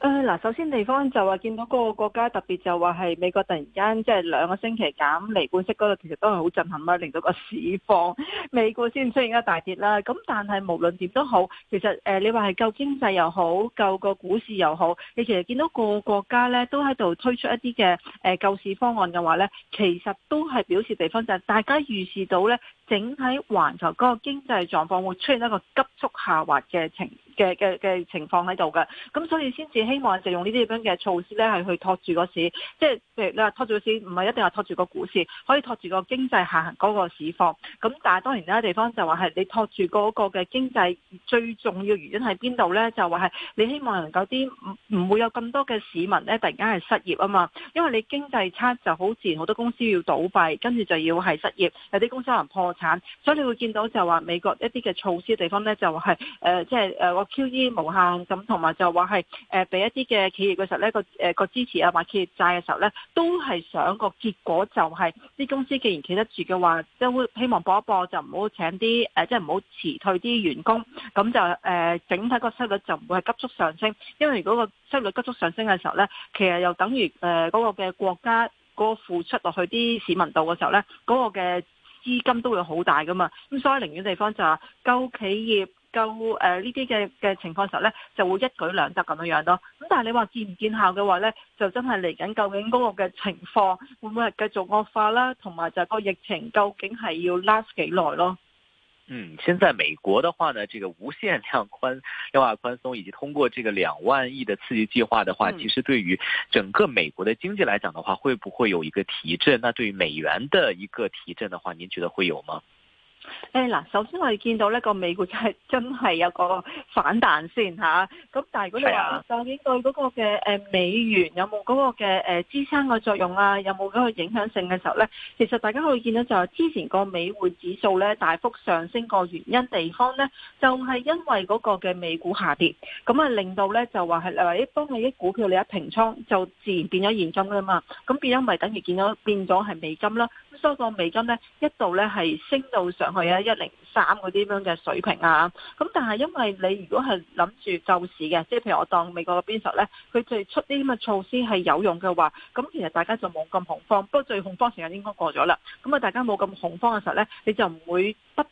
誒，嗱，首先地方就話見到個國家特別就話係美國突然間即係兩個星期減半厘息嗰度，其實都係好震撼啊，令到個市況美股先出現一大跌啦。咁但係無論點都好，其實誒，你話係救經濟又好，救個股市又好，你其實見到個國家咧都喺度推出一啲嘅誒救市方案嘅話咧，其實都係表示地方就係大家預視到咧，整體環球嗰個經濟狀況會出現一個急速下滑嘅情況。嘅嘅嘅情況喺度嘅，咁所以先至希望就用呢啲咁樣嘅措施咧，係去托住個市，即係譬如你話托住個市，唔係一定係托住個股市，可以托住個經濟下行嗰個市況。咁但係當，當然有啲地方就話係你托住嗰個嘅經濟最重要原因喺邊度咧？就話係你希望能夠啲唔會有咁多嘅市民咧突然間係失業啊嘛，因為你經濟差就好自然好多公司要倒閉，Pray, 跟住就要係失業，有啲公司可能破產，所以你會見到就話美國一啲嘅措施地方咧就話係誒即係誒 QE 無限咁，同埋就話係誒俾一啲嘅企業嘅時候咧，個、呃、誒個支持啊，或企業債嘅時候咧，都係想個結果就係、是、啲公司既然企得住嘅話，都希望搏一搏、呃，就唔好請啲誒，即係唔好辭退啲員工，咁就誒、呃、整體個息率就唔會係急速上升。因為如果個息率急速上升嘅時候咧，其實又等於誒嗰、呃那個嘅國家嗰、那個付出落去啲市民度嘅時候咧，嗰、那個嘅資金都會好大㗎嘛。咁所以寧願地方就係、是、救企業。夠誒呢啲嘅嘅情況嘅時候咧，就會一舉兩得咁樣樣咯。咁但係你話見唔見效嘅話咧，就真係嚟緊究竟嗰個嘅情況會唔會係繼續惡化啦？同埋就係個疫情究竟係要 last 幾耐咯？嗯，現在美國的話呢，這個無限量寬量化寬鬆，以及通過這個兩萬億的刺激計劃的話，其實對於整個美國的經濟來講的話，會不會有一個提振？那對於美元的一個提振的話，您覺得會有嗎？誒，嗱，首先我哋見到呢個美股係真係有個反彈先吓，咁、啊、但係如果你話究竟對嗰個嘅誒美元有冇嗰個嘅誒支撐個作用啊，有冇嗰個影響性嘅時候呢？其實大家可以見到就係之前個美匯指數呢，大幅上升個原因地方呢，就係、是、因為嗰個嘅美股下跌，咁啊令到呢就話係你話一幫你一股票你一平倉，就自然變咗現金噶嘛，咁變咗咪等於變咗變咗係美金啦。多個美金咧，一度咧係升到上去啊一零三嗰啲咁樣嘅水平啊，咁但係因為你如果係諗住救市嘅，即係譬如我當美國嗰邊時候咧，佢最出啲咁嘅措施係有用嘅話，咁其實大家就冇咁恐慌，不過最恐慌時間應該過咗啦，咁啊大家冇咁恐慌嘅時候咧，你就唔會不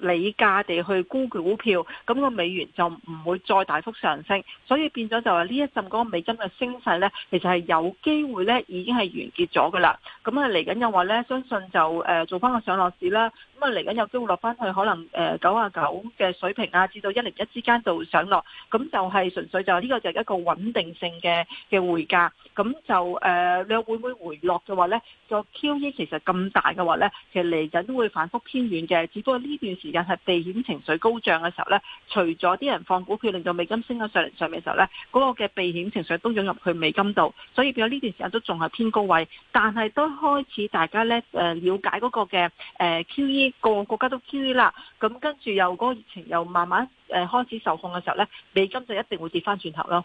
理價地去沽股票，咁個美元就唔會再大幅上升，所以變咗就話呢一陣嗰個美金嘅升勢咧，其實係有機會咧已經係完結咗噶啦。咁啊嚟緊又話咧，相信就誒做翻個上落市啦。咁啊嚟緊有機會落翻去可能誒九啊九嘅水平啊，至到一零一之間就上落，咁就係純粹就呢個就一個穩定性嘅嘅匯價。咁就你、呃、會唔會回落嘅話咧，個 QE 其實咁大嘅話咧，其實嚟緊都會反覆偏軟嘅，只不過呢邊。段時間係避險情緒高漲嘅時候呢，除咗啲人放股票令到美金升咗上嚟上嚟嘅時候呢，嗰個嘅避險情緒都湧入去美金度，所以變咗呢段時間都仲係偏高位，但係都開始大家呢誒了解嗰個嘅誒 QE 個國家都 QE 啦，咁跟住又嗰個疫情又慢慢誒開始受控嘅時候呢，美金就一定會跌翻轉頭咯。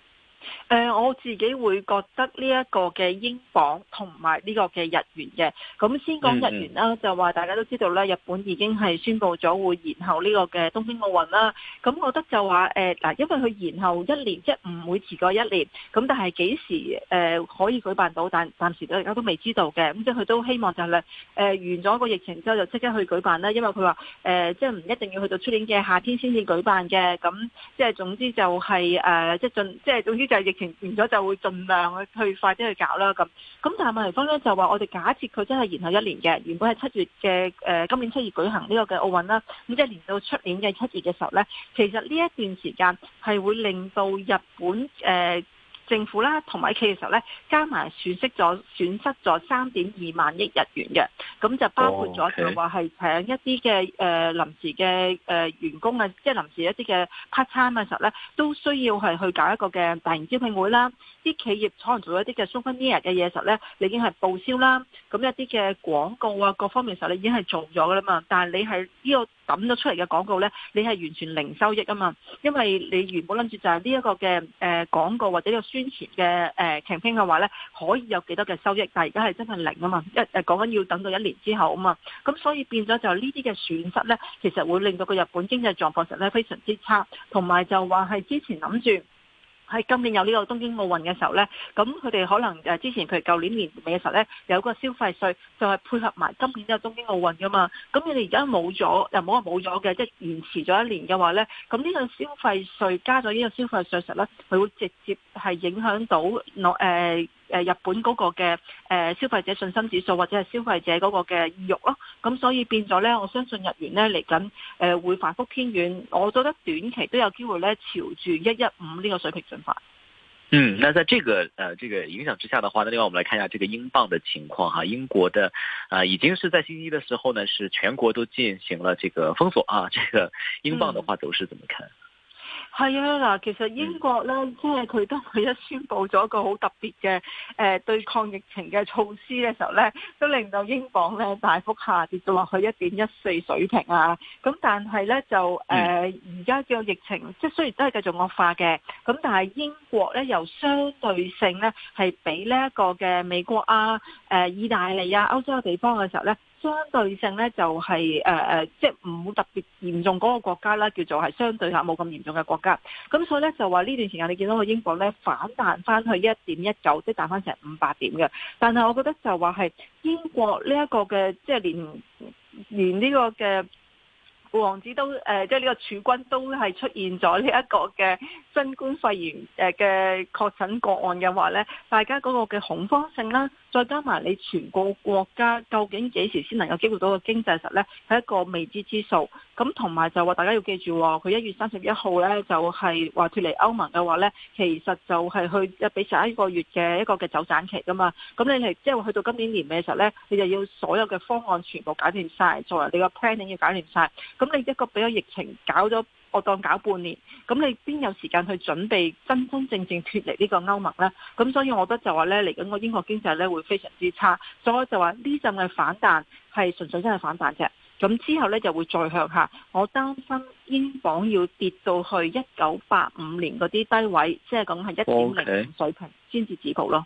誒、呃、我自己會覺得呢一個嘅英鎊同埋呢個嘅日元嘅，咁先講日元啦，就話大家都知道咧，日本已經係宣布咗會延後呢個嘅東京奧運啦。咁我覺得就話誒，嗱，因為佢延後一年，即係唔會遲過一年。咁但係幾時誒、呃、可以舉辦到？但暫時都而家都未知道嘅。咁即係佢都希望就係、是、咧、呃、完咗個疫情之後就即刻去舉辦啦。因為佢話誒，即係唔一定要去到出年嘅夏天先至舉辦嘅。咁即係總之就係誒，即係盡即係總之。呃、就係就疫情完咗，就會盡量去去快啲去搞啦咁。咁但係麥嚟芬咧就話：我哋假設佢真係延後一年嘅，原本係七月嘅誒、呃，今年七月舉行呢個嘅奧運啦。咁、啊、即係延到出年嘅七月嘅時候咧，其實呢一段時間係會令到日本誒。呃政府啦，同埋企嘅時候咧，加埋損失咗損失咗三點二萬億日元嘅，咁就包括咗就話係請一啲嘅誒臨時嘅誒員工呀，哦 okay. 即係臨時一啲嘅 part time 嘅時候咧，都需要係去搞一個嘅大型招聘會啦。啲企業可能做一啲嘅 souvenir 嘅嘢嘅時候咧，你已經係報銷啦。咁一啲嘅廣告啊，各方面嘅時候你已經係做咗噶啦嘛。但係你係呢個抌咗出嚟嘅廣告咧，你係完全零收益啊嘛，因為你原本諗住就係呢一個嘅誒廣告或者個宣之前嘅誒 campaign 嘅話咧，可以有幾多嘅收益？但係而家係真係零啊嘛，一誒講緊要等到一年之後啊嘛，咁所以變咗就損呢啲嘅損失咧，其實會令到個日本經濟狀況實咧非常之差，同埋就話係之前諗住。喺今年有呢個東京奧運嘅時候呢，咁佢哋可能誒之前譬如舊年年尾嘅時候呢，有個消費稅就係配合埋今年呢個東京奧運㗎嘛，咁你哋而家冇咗又冇話冇咗嘅，即係延遲咗一年嘅話呢，咁呢個消費稅加咗呢個消費稅實呢，佢會直接係影響到我、呃誒，日本嗰個嘅誒消費者信心指數或者係消費者嗰個嘅意欲咯，咁所以變咗咧，我相信日元咧嚟緊誒會反覆偏軟，我覺得短期都有機會咧朝住一一五呢個水平進發。嗯，那在這個誒、呃、這個影響之下的話，呢另外我們來看一下這個英鎊的情況哈，英國的啊、呃、已經是在星期一的時候呢，是全國都進行了這個封鎖啊，這個英鎊的話走勢怎麼看？嗯係啊，嗱，其實英國咧，即係佢都佢一宣布咗一個好特別嘅誒對抗疫情嘅措施嘅時候咧，都令到英鎊咧大幅下跌到落去一點一四水平啊。咁但係咧就誒而家個疫情即係雖然都係繼續惡化嘅，咁但係英國咧又相對性咧係比呢一個嘅美國啊、誒、呃、意大利啊、歐洲嘅地方嘅時候咧。相對性呢，就係呃，就係誒誒，即係唔好特別嚴重嗰個國家啦，叫做係相對下冇咁嚴重嘅國家。咁所以呢，就話呢段時間你見到個英國呢，反彈翻去一點一九，即係彈翻成五百點嘅。但係我覺得就話係英國呢一個嘅，即係連連呢個嘅王子都誒，即係呢個儲君都係出現咗呢一個嘅新冠肺炎誒嘅確診個案嘅話呢，大家嗰個嘅恐慌性啦。再加埋你全個國家究竟幾時先能夠恢復到個經濟實呢？係一個未知之數。咁同埋就話大家要記住喎，佢一月三十一號呢，就係話脫離歐盟嘅話呢，其實就係去一俾十一個月嘅一個嘅走盞期噶嘛。咁你係即係去到今年年尾嘅時候呢，你就要所有嘅方案全部搞掂晒，作為你個 planning 要搞掂晒。咁你一個俾咗疫情搞咗。我當搞半年，咁你邊有時間去準備真真正正脱離呢個歐盟呢？咁所以，我覺得就話呢嚟緊個英國經濟呢會非常之差，所以我就話呢陣嘅反彈係純粹真係反彈啫。咁之後呢就會再向下。我擔心英鎊要跌到去一九八五年嗰啲低位，即係講係一點零水平先至止步咯。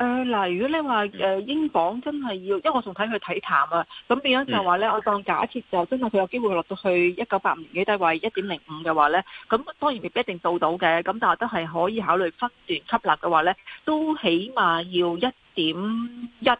誒嗱、呃呃，如果你話誒、呃、英鎊真係要，因為我仲睇佢睇淡啊，咁變咗就話咧，嗯、我當假設就真係佢有機會落到去一九八五年嘅低位一點零五嘅話咧，咁當然未必一定到到嘅，咁但係都係可以考慮分段吸納嘅話咧，都起碼要一點一，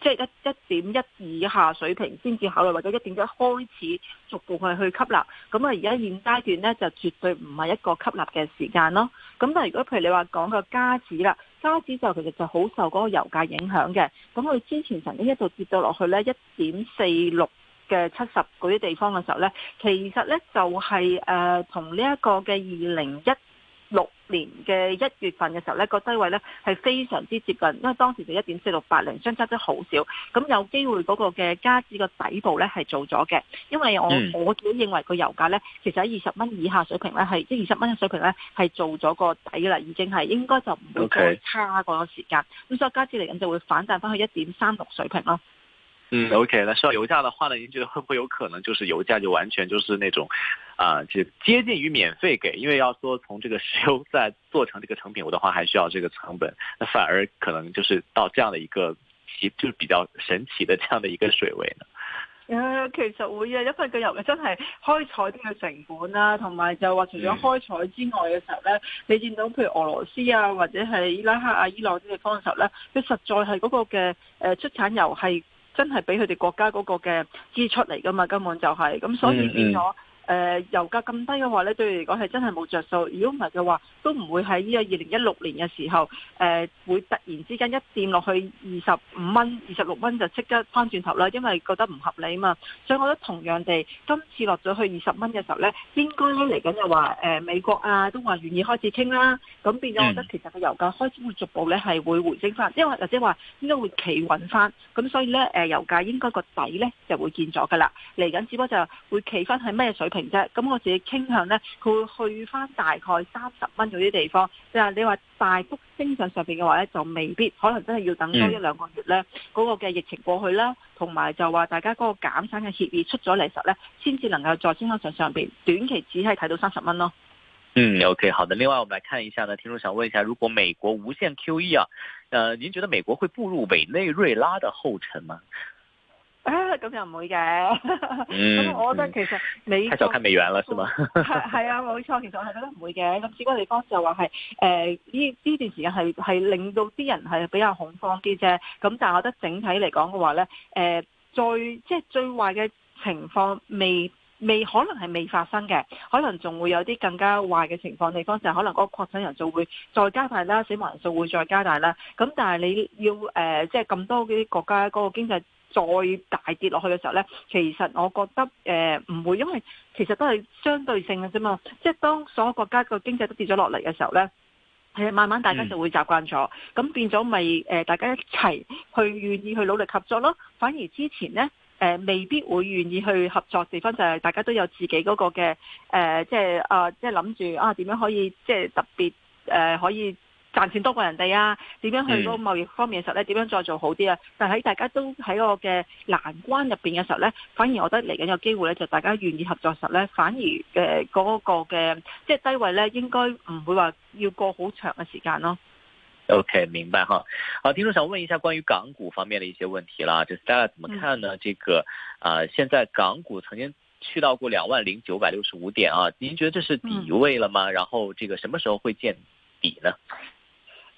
即係一一點一以下水平先至考慮或者一點一開始逐步係去吸納。咁啊，而家現階段咧就絕對唔係一個吸納嘅時間咯。咁但係如果譬如你話講個加紙啦。渣子就其實就好受嗰個油價影響嘅，咁佢之前曾經一度跌到落去呢一點四六嘅七十嗰啲地方嘅時候呢，其實呢就係誒同呢一個嘅二零一六年嘅一月份嘅時候呢個低位呢係非常之接近，因為當時就一點四六八零，相差得好少。咁有機會嗰個嘅加紙嘅底部呢係做咗嘅，因為我、嗯、我亦都認為個油價呢其實喺二十蚊以下水平呢，係，即係二十蚊嘅水平呢係做咗個底啦，已經係應該就唔會再差個時間。咁 Okay. 所以加紙嚟緊就會反彈翻去一點三六水平咯。嗯，OK，那需要油價的話呢，您覺得會不會有可能就是油價就完全就是那種，啊、呃，就接近於免費給？因為要說從這個石油再做成這個成品油的話，還需要這個成本，那反而可能就是到這樣的一個奇，就是比較神奇的這樣的一個水位呢。誒、嗯，其實會啊，因為個油真係開採啲嘅成本啦，同埋就話除咗開採之外嘅時候呢，你見到譬如俄羅斯啊，或者係伊拉克啊、伊朗呢啲地方式呢，佢實在係嗰個嘅出產油係。 真係俾佢哋國家嗰個嘅支出嚟㗎嘛，根本就係、是、咁，所以、嗯嗯、變咗。誒、呃、油價咁低嘅話咧，對你嚟講係真係冇着數。如果唔係嘅話，都唔會喺呢個二零一六年嘅時候，誒、呃、會突然之間一掂落去二十五蚊、二十六蚊就即刻翻轉頭啦，因為覺得唔合理啊嘛。所以我覺得同樣地，今次落咗去二十蚊嘅時候咧，應該嚟緊就話誒、呃、美國啊都話願意開始傾啦。咁變咗，我覺得其實個油價開始會逐步咧係會回升翻，因為或者話應該會企穩翻。咁所以咧，誒、呃、油價應該個底咧就會見咗噶啦。嚟緊只不過就會企翻喺咩水平。平啫，咁我自己傾向咧，佢會去翻大概三十蚊嗰啲地方。就係你話大幅升上上邊嘅話咧，就未必可能真係要等多一兩個月咧，嗰個嘅疫情過去啦，同埋就話大家嗰個減產嘅協議出咗嚟實咧，先至能夠再升上上上邊，短期只係睇到三十蚊咯。嗯，OK，好的。另外，我們來看一下呢，聽眾想問一下，如果美國無限 QE 啊，呃，您覺得美國會步入委內瑞拉的後塵嗎？咁、啊、又唔會嘅。咁 我覺得其實你，就太受睇美元啦，是嘛？係 啊，冇錯。其實我係覺得唔會嘅。咁只不過地方就話係誒呢呢段時間係係令到啲人係比較恐慌啲啫。咁但係我覺得整體嚟講嘅話咧，誒、呃、最即係、就是、最壞嘅情況未未可能係未發生嘅。可能仲會有啲更加壞嘅情況地方，就係可能嗰個確診人數會再加大啦，死亡人數會再加大啦。咁但係你要誒即係咁多嗰啲國家嗰個經濟，再大跌落去嘅時候呢，其實我覺得誒唔、呃、會，因為其實都係相對性嘅啫嘛。即係當所有國家個經濟都跌咗落嚟嘅時候呢，係慢慢大家就會習慣咗，咁、嗯、變咗咪誒大家一齊去願意去努力合作咯。反而之前呢，誒、呃、未必會願意去合作地方，就係大家都有自己嗰個嘅誒、呃，即係、呃、啊，即係諗住啊點樣可以即係特別誒、呃、可以。賺錢多過人哋啊！點樣去個貿易方面嘅時候咧，點樣再做好啲啊？但喺大家都喺個嘅難關入邊嘅時候咧，反而我覺得嚟緊有機會咧，就大家願意合作實咧，反而誒嗰個嘅即係低位咧，應該唔會話要過好長嘅時間咯。OK，明白哈。好，聽眾想問一下關於港股方面的一些問題啦，就 Stella 怎麼看呢？嗯、這個啊、呃，現在港股曾經去到過兩萬零九百六十五點啊，您覺得這是底位了嗎？嗯、然後這個什麼時候會見底呢？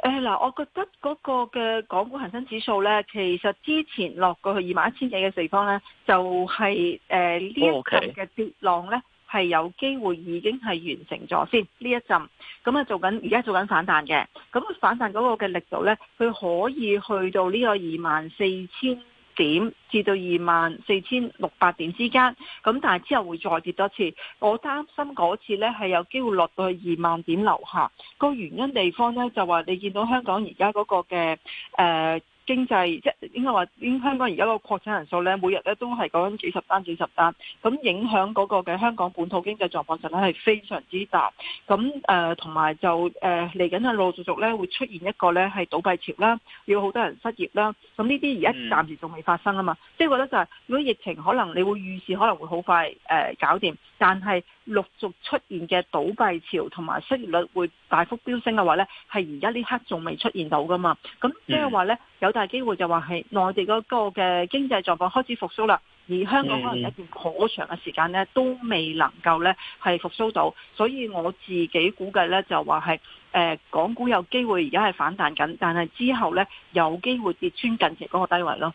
誒嗱，我覺得嗰個嘅港股恒生指數呢，其實之前落過去二萬一千幾嘅地方呢，就係誒呢一陣嘅跌浪呢，係有機會已經係完成咗先呢一陣。咁啊做緊，而家做緊反彈嘅。咁反彈嗰個嘅力度呢，佢可以去到呢個二萬四千。點至到二萬四千六百點之間，咁但係之後會再跌多次，我擔心嗰次咧係有機會落到去二萬點樓下。個原因地方咧就話你見到香港而家嗰個嘅誒。呃經濟即係應該話，應香港而家個擴散人數咧，每日咧都係講緊幾十單、幾十單，咁影響嗰個嘅香港本土經濟狀況實咧係非常之大。咁誒同埋就誒嚟緊係陸陸續續咧會出現一個咧係倒閉潮啦，有好多人失業啦。咁呢啲而家暫時仲未發生啊嘛，即係覺得就係、是、如果疫情可能你會預示可能會好快誒、呃、搞掂，但係。陸續出現嘅倒閉潮同埋失業率會大幅飆升嘅話呢係而家呢刻仲未出現到噶嘛？咁即係話呢，有大機會就話係內地嗰個嘅經濟狀況開始復蘇啦，而香港可能一段好長嘅時間呢都未能夠呢係復蘇到，所以我自己估計呢，就話係誒港股有機會而家係反彈緊，但係之後呢，有機會跌穿近期嗰個低位咯。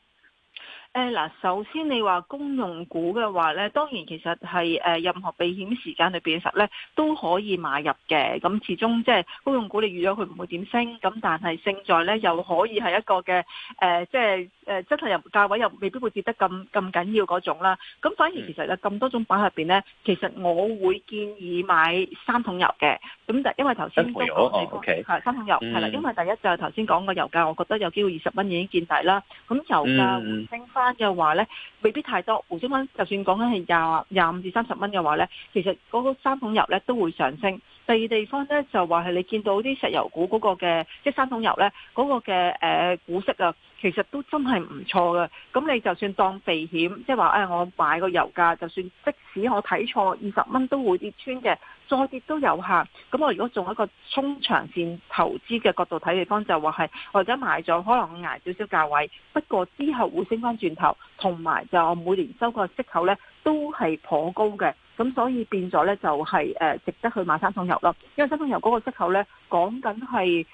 誒嗱，首先你話公用股嘅話咧，當然其實係誒任何避險時間裏邊實咧都可以買入嘅。咁始終即係公用股，你預咗佢唔會點升，咁但係勝在咧又可以係一個嘅誒，即係誒真係又價位又未必會跌得咁咁緊要嗰種啦。咁反而其實咧咁多種版入邊咧，其實我會建議買三桶油嘅。咁但因為頭先都講係，係三桶油係啦、嗯。因為第一就係頭先講個油價，我覺得有機會二十蚊已經見底啦。咁油價會升返嘅話咧，未必太多。毫升蚊就算講緊係廿廿五至三十蚊嘅話咧，其實嗰個三桶油咧都會上升。第二地方咧就話係你見到啲石油股嗰個嘅即係三桶油咧嗰、那個嘅誒、呃、股息啊，其實都真係唔錯嘅。咁你就算當避險，即係話誒我買個油價，就算即使我睇錯二十蚊都會跌穿嘅，再跌都有限。咁我如果從一個中長線投資嘅角度睇，地方就話係或者買咗可能我挨少少價位，不過之後會升翻轉頭，同埋就我每年收個息口咧。都係頗高嘅，咁所以變咗呢就係誒值得去買三桶油咯，因為三桶油嗰個息口咧講緊係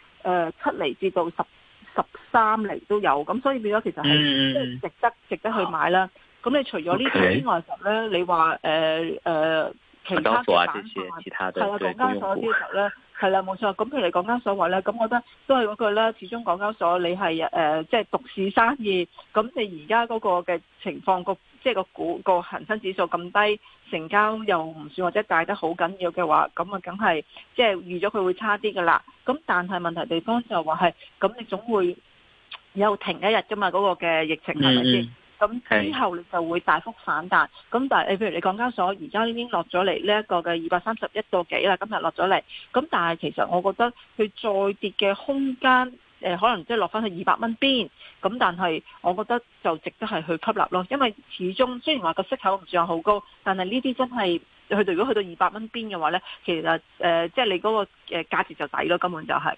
七厘至到十十三厘都有，咁所以變咗其實係即係值得、嗯、值得去買啦。咁、啊、你除咗呢啲之外咧，Okay. 你話誒誒。呃呃其他嘅板塊，係啊，港交所之後咧，係啦、啊，冇錯。咁譬如港交所話咧，咁我覺得都係嗰句啦。始終港交所你係誒，即、呃、係、就是、獨市生意。咁你而家嗰個嘅情況，個即係個股個恒生指數咁低，成交又唔算或者大得好緊要嘅話，咁啊，梗係即係預咗佢會差啲噶啦。咁但係問題地方就話係，咁你總會有停一日噶嘛？嗰、那個嘅疫情係咪先？咁之後你就會大幅反彈，咁但係誒，譬如你港交所而家已經落咗嚟呢一個嘅二百三十一個幾啦，今日落咗嚟，咁但係其實我覺得佢再跌嘅空間誒、呃，可能即係落翻去二百蚊邊，咁但係我覺得就值得係去吸納咯，因為始終雖然話個息口唔算話好高，但係呢啲真係去到如果去到二百蚊邊嘅話咧，其實誒即係你嗰個誒價值就抵咯，根本就係、是。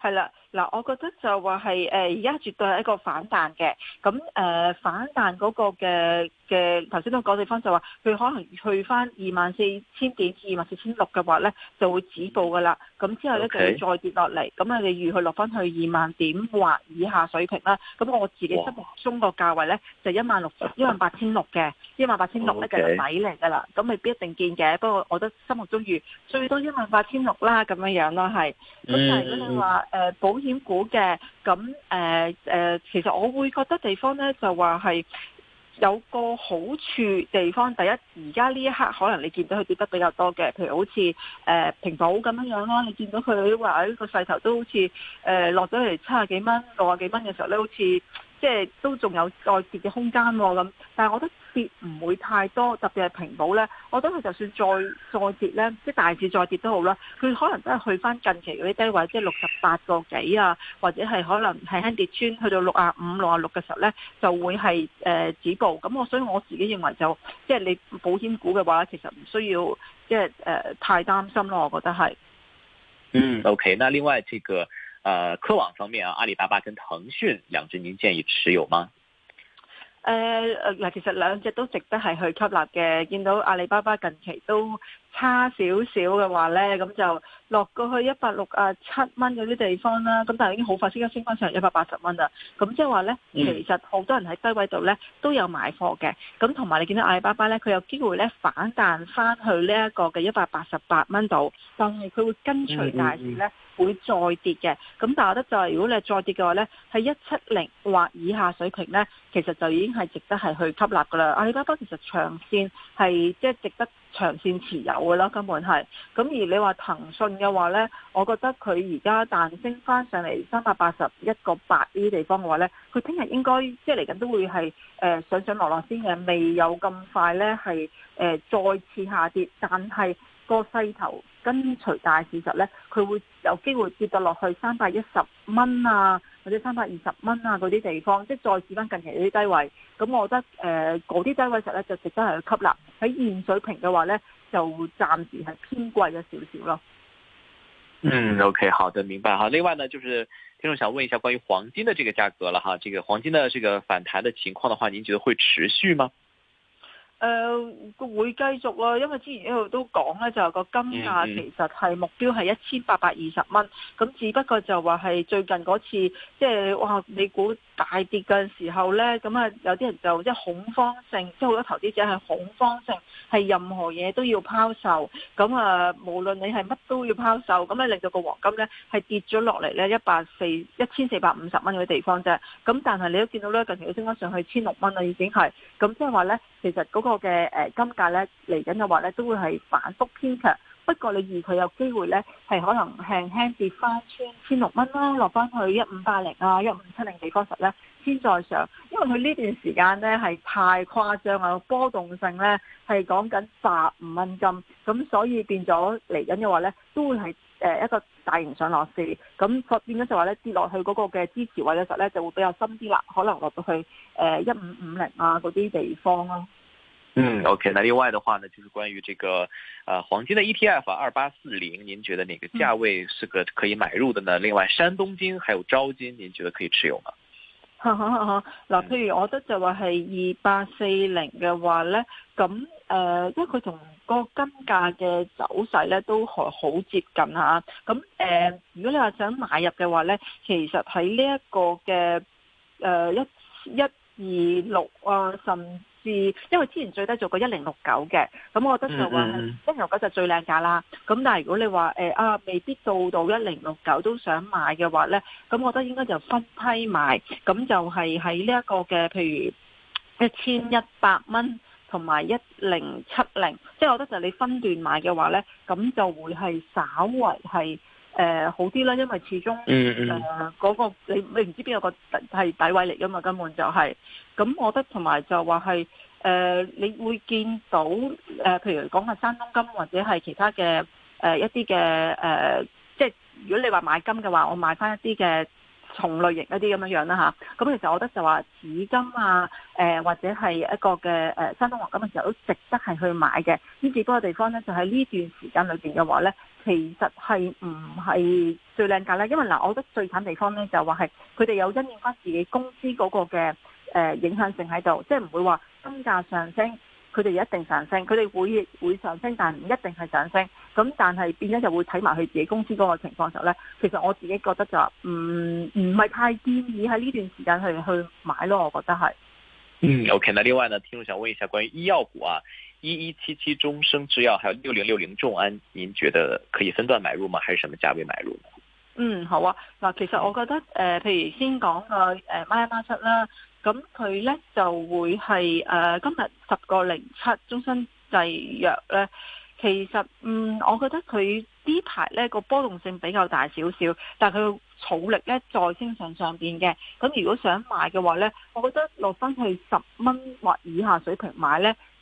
係啦，嗱，我覺得就話係誒而家絕對係一個反彈嘅，咁、呃、誒反彈嗰個嘅嘅頭先都講地方就話，佢可能去翻二萬四千點至二萬四千六嘅話咧，就會止步噶啦。咁之後咧就會再跌落嚟。咁啊，你預佢落翻去二萬點或以下水平啦。咁我自己心目中個價位咧，就一萬六、一萬八千六嘅，一萬八千六咧就米嚟噶啦。咁未必一定見嘅，不過我都心目中預最多一萬八千六啦，咁樣樣咯，係。咁但係如果你話，嗯嗯誒、呃，保險股嘅，咁誒誒，其實我會覺得地方咧就話係有個好處地方，第一而家呢一刻可能你見到佢跌得比較多嘅，譬如好似誒、呃、平保咁樣樣、啊、啦，你見到佢話喺個勢頭都好似誒落咗嚟七十幾蚊、六十幾蚊嘅時候咧，好似。即係都仲有再跌嘅空間喎，咁，但係我覺得跌唔會太多，特別係平保呢。我覺得就算再再跌呢，即係大致再跌都好啦，佢可能都係去翻近期嗰啲低位，即係六十八個幾啊，或者係可能係輕跌穿去到六啊五、六啊六嘅時候呢，就會係誒、呃、止步。咁我所以我自己認為就即係你保險股嘅話，其實唔需要即係誒、呃、太擔心咯。我覺得係。嗯，OK，咁另外呢個。誒、呃，科網方面啊，阿里巴巴跟騰訊兩隻，您建議持有嗎？誒誒、呃，嗱、呃，其實兩隻都值得係去吸納嘅，見到阿里巴巴近期都差少少嘅話呢，咁就落過去一百六啊，七蚊嗰啲地方啦，咁但係已經好快即刻升翻上一百八十蚊啦。咁即係話呢，其實好多人喺低位度呢都有買貨嘅。咁同埋你見到阿里巴巴呢，佢有機會呢反彈翻去呢一個嘅一百八十八蚊度，但係佢會跟隨大市呢、嗯、會再跌嘅。咁但係我覺得就係，如果你再跌嘅話呢，喺一七零或以下水平呢，其實就已經係值得係去吸納噶啦。阿里巴巴其實長線係即係值得，長線持有嘅啦，根本係咁。而你話騰訊嘅話呢，我覺得佢而家彈升翻上嚟，三百八十一個八呢啲地方嘅話呢，佢聽日應該即係嚟緊都會係誒、呃、上上落落先嘅，未有咁快呢係誒、呃、再次下跌，但係個勢頭跟隨大市實呢，佢會有機會跌到落去三百一十蚊啊。或者三百二十蚊啊，嗰啲地方，即係再試翻近期嗰啲低位，咁我覺得誒嗰啲低位時候咧就值得係去吸納。喺現水平嘅話咧，就暫時係偏貴咗少少咯。嗯，OK，好的，明白哈。另外呢，就是聽眾想問一下關於黃金嘅這個價格啦，吓，這個黃金嘅這個反彈嘅情況嘅話，您覺得會持續嗎？誒，個、呃、會繼續咯，因為之前一路都講咧，就個、是、金價其實係目標係一千八百二十蚊，咁、mm hmm. 只不過就話係最近嗰次，即、就、係、是、哇，美股大跌嘅時候咧，咁啊有啲人就即係、就是、恐慌性，即係好多投資者係恐慌性，係任何嘢都要拋售，咁啊無論你係乜都要拋售，咁咧令到個黃金咧係跌咗落嚟咧一百四一千四百五十蚊嘅地方啫，咁但係你都見到咧，近期都升翻上去千六蚊啦，已經係，咁即係話咧，其實、那個。個嘅誒金價咧嚟緊嘅話咧，都會係反覆偏強。不過你預佢有機會咧，係可能輕輕跌翻穿千六蚊啦，落翻去一五八零啊、一五七零幾方時，咧先再上。因為佢呢段時間咧係太誇張啊，波動性咧係講緊十五蚊金，咁所以變咗嚟緊嘅話咧，都會係誒一個大型上落市。咁變咗就話咧跌落去嗰個嘅支持位嘅時候咧，就會比較深啲啦，可能落到去誒一五五零啊嗰啲地方咯，啊。嗯，OK，那另外嘅話呢，就是關於這個，呃，黃金嘅 ETF 二、啊、八四零，40，您覺得哪個價位是個可以買入的呢？嗯、另外，山東金還有招金，您覺得可以持有嗎？嗱、嗯、譬、嗯、如我覺得就話係二八四零嘅話呢，咁誒、呃，因為佢同個金價嘅走勢呢都好接近吓、啊，咁誒、呃，如果你話想買入嘅話呢，其實喺呢一個嘅誒一一二六啊，甚。是，因為之前最低做過一零六九嘅，咁我覺得就話一零六九就最靚價啦。咁但係如果你話誒、呃、啊，未必到到一零六九都想買嘅話呢，咁我覺得應該就分批買，咁就係喺呢一個嘅，譬如一千一百蚊同埋一零七零，即係我覺得就係你分段買嘅話呢，咁就會係稍為係。誒、呃、好啲啦，因為始終誒嗰個你你唔知邊有個係底位嚟㗎嘛，根本就係、是。咁我覺得同埋就話係誒，你會見到誒、呃，譬如講下山東金或者係其他嘅誒、呃、一啲嘅誒，即係如果你話買金嘅話，我買返一啲嘅。同類型一啲咁樣樣啦，吓，咁其實我覺得就話紙巾啊，誒、呃、或者係一個嘅誒山東黃金嘅時候都值得係去買嘅。呢幾個地方咧，就喺呢段時間裏邊嘅話咧，其實係唔係最靚價咧？因為嗱、呃，我覺得最慘地方咧，就話係佢哋有因應翻自己公司嗰個嘅誒、呃、影響性喺度，即係唔會話金價上升。佢哋一定上升，佢哋會會上升，但唔一定係上升。咁但係變咗就會睇埋佢自己公司嗰個情況時候呢。其實我自己覺得就唔唔係太建議喺呢段時間去去買咯，我覺得係。嗯，OK。那另外呢，聽眾想問一下關於醫藥股啊，一一七七中生製藥，還有六零六零眾安，您覺得可以分段買入嗎？還是什麼價位買入呢？嗯，好啊。嗱，其實我覺得，誒、呃，譬如先講個誒孖一孖七啦，咁佢呢就會係誒、呃、今日十個零七中生製藥呢。其實，嗯，我覺得佢呢排呢個波動性比較大少少，但係佢嘅阻力呢再升上上邊嘅。咁如果想買嘅話呢，我覺得落翻去十蚊或以下水平買呢。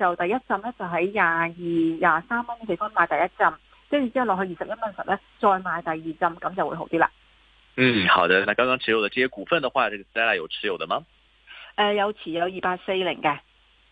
就第一浸咧，就喺廿二、廿三蚊嘅地方買第一浸，跟住之後落去二十一蚊嘅時候咧，再買第二浸，咁就會好啲啦。嗯，好的。那剛剛持有的這些股份的話，這個 style 有持有的嗎？誒、呃，有持有二八四零嘅。